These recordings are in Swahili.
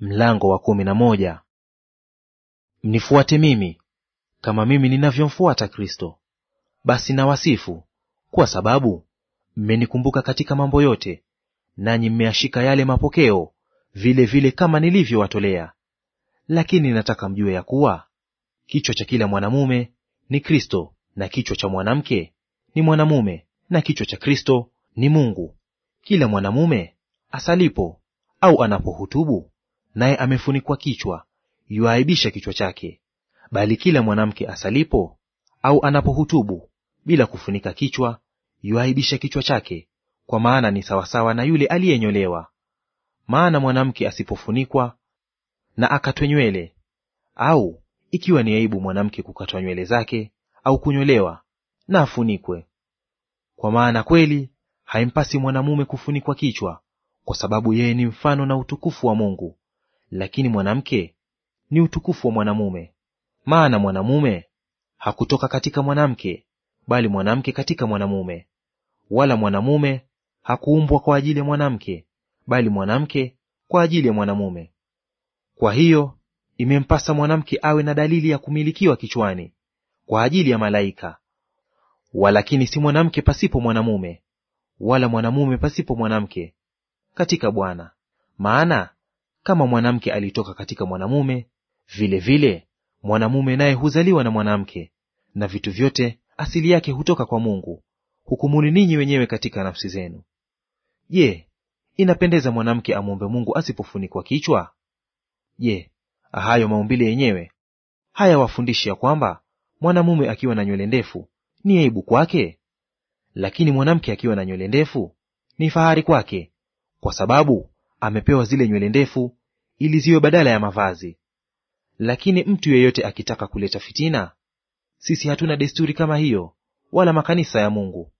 Mlango wa kumi na moja. Mnifuate mimi kama mimi ninavyomfuata Kristo. Basi nawasifu kwa sababu mmenikumbuka katika mambo yote, nanyi mmeyashika yale mapokeo vile vile kama nilivyowatolea. Lakini nataka mjue ya kuwa kichwa cha kila mwanamume ni Kristo, na kichwa cha mwanamke ni mwanamume, na kichwa cha Kristo ni Mungu. Kila mwanamume asalipo au anapohutubu naye amefunikwa kichwa, yuaibisha kichwa chake. Bali kila mwanamke asalipo au anapohutubu bila kufunika kichwa, yuaibisha kichwa chake, kwa maana ni sawasawa na yule aliyenyolewa. Maana mwanamke asipofunikwa na akatwe nywele, au ikiwa ni aibu mwanamke kukatwa nywele zake au kunyolewa, na afunikwe. Kwa maana kweli haimpasi mwanamume kufunikwa kichwa, kwa sababu yeye ni mfano na utukufu wa Mungu lakini mwanamke ni utukufu wa mwanamume. Maana mwanamume hakutoka katika mwanamke, bali mwanamke katika mwanamume. Wala mwanamume hakuumbwa kwa ajili ya mwanamke, bali mwanamke kwa ajili ya mwanamume. Kwa hiyo imempasa mwanamke awe na dalili ya kumilikiwa kichwani kwa ajili ya malaika. Walakini si mwanamke pasipo mwanamume, wala mwanamume pasipo mwanamke katika Bwana. Maana kama mwanamke alitoka katika mwanamume, vile vile mwanamume naye huzaliwa na mwanamke, na vitu vyote asili yake hutoka kwa Mungu. Hukumuni ninyi wenyewe katika nafsi zenu. Je, inapendeza mwanamke amwombe Mungu asipofunikwa kichwa? Je, hayo maumbile yenyewe haya wafundishi ya kwamba mwanamume akiwa na nywele ndefu ni aibu kwake? Lakini mwanamke akiwa na nywele ndefu ni fahari kwake, kwa sababu amepewa zile nywele ndefu ili ziwe badala ya mavazi. Lakini mtu yeyote akitaka kuleta fitina, sisi hatuna desturi kama hiyo, wala makanisa ya Mungu.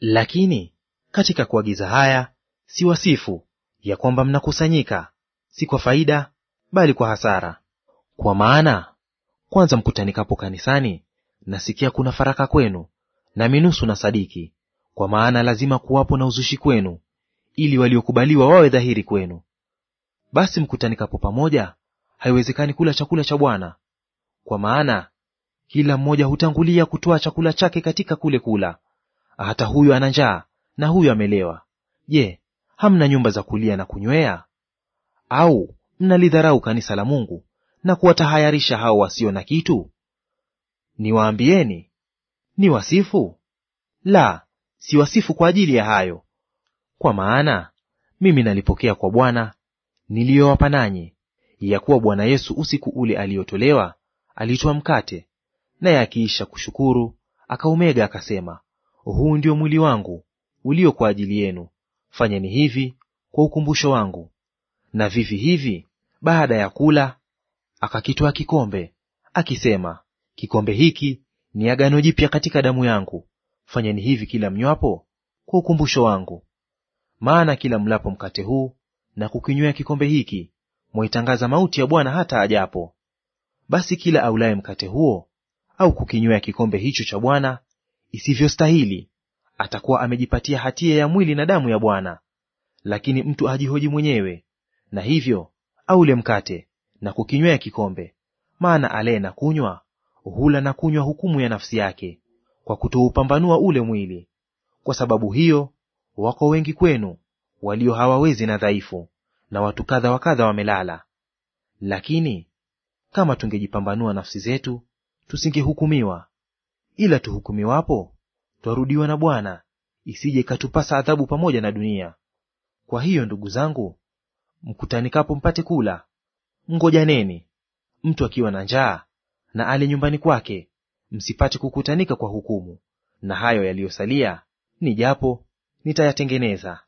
Lakini katika kuagiza haya si wasifu ya kwamba mnakusanyika, si kwa faida, bali kwa hasara. Kwa maana kwanza mkutanikapo kanisani, nasikia kuna faraka kwenu, na minusu na sadiki. Kwa maana lazima kuwapo na uzushi kwenu, ili waliokubaliwa wawe dhahiri kwenu. Basi mkutanikapo pamoja, haiwezekani kula chakula cha Bwana, kwa maana kila mmoja hutangulia kutoa chakula chake katika kule kula; hata huyu ana njaa na huyu amelewa. Je, hamna nyumba za kulia na kunywea? Au mnalidharau kanisa la Mungu na kuwatahayarisha hao wasio na kitu? Niwaambieni, ni wasifu? La, si wasifu kwa ajili ya hayo. Kwa maana mimi nalipokea kwa Bwana niliyowapa nanyi, ya kuwa Bwana Yesu usiku ule aliyotolewa alitoa mkate, naye akiisha kushukuru akaumega, akasema, huu ndio mwili wangu ulio kwa ajili yenu, fanyeni hivi kwa ukumbusho wangu. Na vivi hivi baada ya kula akakitoa kikombe, akisema, kikombe hiki ni agano jipya katika damu yangu, fanyeni hivi kila mnywapo kwa ukumbusho wangu. Maana kila mlapo mkate huu na kukinywea kikombe hiki mwaitangaza mauti ya Bwana hata ajapo. Basi kila aulaye mkate huo au kukinywea kikombe hicho cha Bwana isivyostahili atakuwa amejipatia hatia ya mwili na damu ya Bwana. Lakini mtu ajihoji mwenyewe, na hivyo aule mkate na kukinywea kikombe. Maana alaye na kunywa hula na kunywa hukumu ya nafsi yake, kwa kutoupambanua ule mwili. Kwa sababu hiyo wako wengi kwenu walio hawawezi na dhaifu, na watu kadha wa kadha wamelala. Lakini kama tungejipambanua nafsi zetu, tusingehukumiwa; ila tuhukumiwapo, twarudiwa na Bwana, isije ikatupasa adhabu pamoja na dunia. Kwa hiyo, ndugu zangu, mkutanikapo mpate kula, ngojaneni Mtu akiwa na njaa na ale nyumbani kwake, msipate kukutanika kwa hukumu; na hayo yaliyosalia, ni japo, nitayatengeneza.